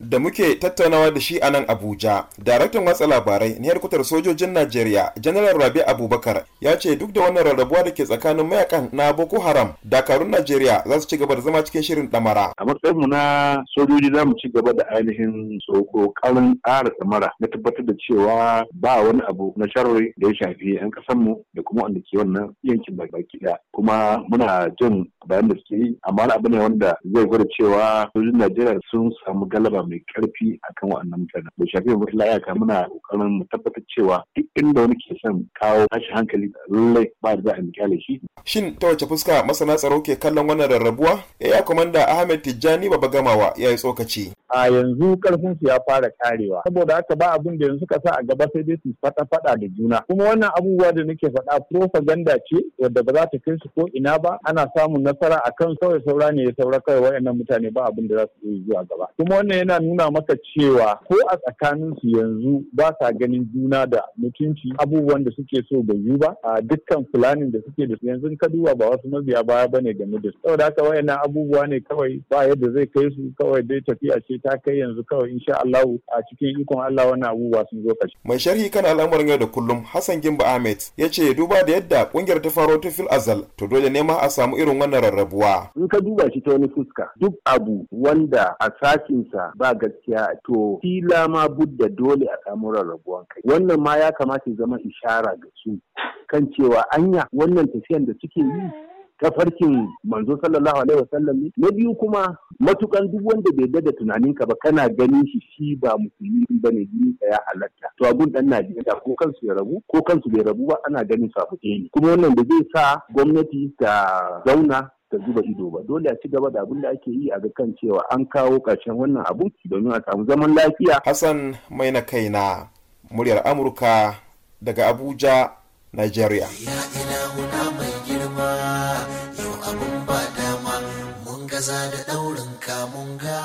da muke tattaunawa da shi a nan abuja daraktan watsa labarai na yarkutar sojojin najeriya janar rabi abubakar ya ce duk da wannan rarrabuwa da ke tsakanin mayakan na boko haram dakarun najeriya za su ci gaba da zama cikin shirin damara a matsayinmu na sojoji za mu ci gaba da ainihin kokarin ƙara damara na tabbatar da cewa ba wani abu na sharri da ya shafi 'yan ƙasarmu da kuma wanda ke wannan yankin baki kuma muna jin bayan da suke yi amma abu ne wanda zai gwada cewa sojin najeriya sun samu galaba mai karfi akan wannan mutane bai shafi mutum la'ayaka muna tsaron mu tabbatar cewa duk inda wani ke son kawo tashi hankali da lallai ba da za a shi. Shin ta wace fuska masana tsaro ke kallon wannan rarrabuwa? Eh, ya kwamanda Ahmed Tijjani Baba Gamawa ya yi tsokaci. A yanzu karfin su ya fara karewa saboda haka ba abin da yanzu ka sa a gaba sai dai su fada fada da juna. Kuma wannan abubuwa da nake faɗa propaganda ce wadda ba za ta kai su ko ina ba ana samun nasara a kan sauya saura ne ya saura kawai wayannan mutane ba abin da za su yi zuwa gaba. Kuma wannan yana nuna maka cewa ko a tsakanin su yanzu ba sa ganin juna da mutunci abubuwan da suke so bai yi ba a dukkan fulanin da suke da su yanzu ka duba ba wasu mabiya baya ba ne game da su saboda haka wayannan abubuwa ne kawai ba yadda zai kai su kawai dai tafiya ce ta kai yanzu kawai insha Allah a cikin ikon Allah wannan abubuwa sun zo kashi mai sharhi kan al'amuran yau da kullum Hassan Gimba Ahmed ya ce duba da yadda kungiyar ta faro ta fil azal to dole ne ma a samu irin wannan rarrabuwa in ka duba shi ta wani fuska duk abu wanda a sakinsa ba gaskiya to fila ma budda dole a samu kai wannan ma ya kamata ya zama ishara ga su kan cewa anya wannan tafiyan da suke yi ta farkin manzo sallallahu alaihi wasallam ne na biyu kuma matukan duk wanda bai dada tunanin ka ba kana ganin shi shi ba musulmi ba ne jini ya halatta to abun dan Najeriya ko kansu ya rabu ko kansu bai rabu ba ana ganin su a ne kuma wannan da zai sa gwamnati ta zauna ta zuba ido ba dole a ci gaba da abin da ake yi a ga kan cewa an kawo ƙarshen wannan abu domin a samu zaman lafiya Hassan mai na kaina muryar amurka daga abuja nigeria kaza da kamun ga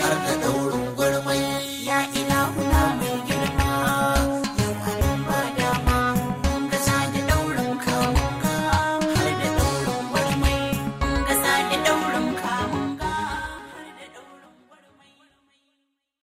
har da daurin gwarmai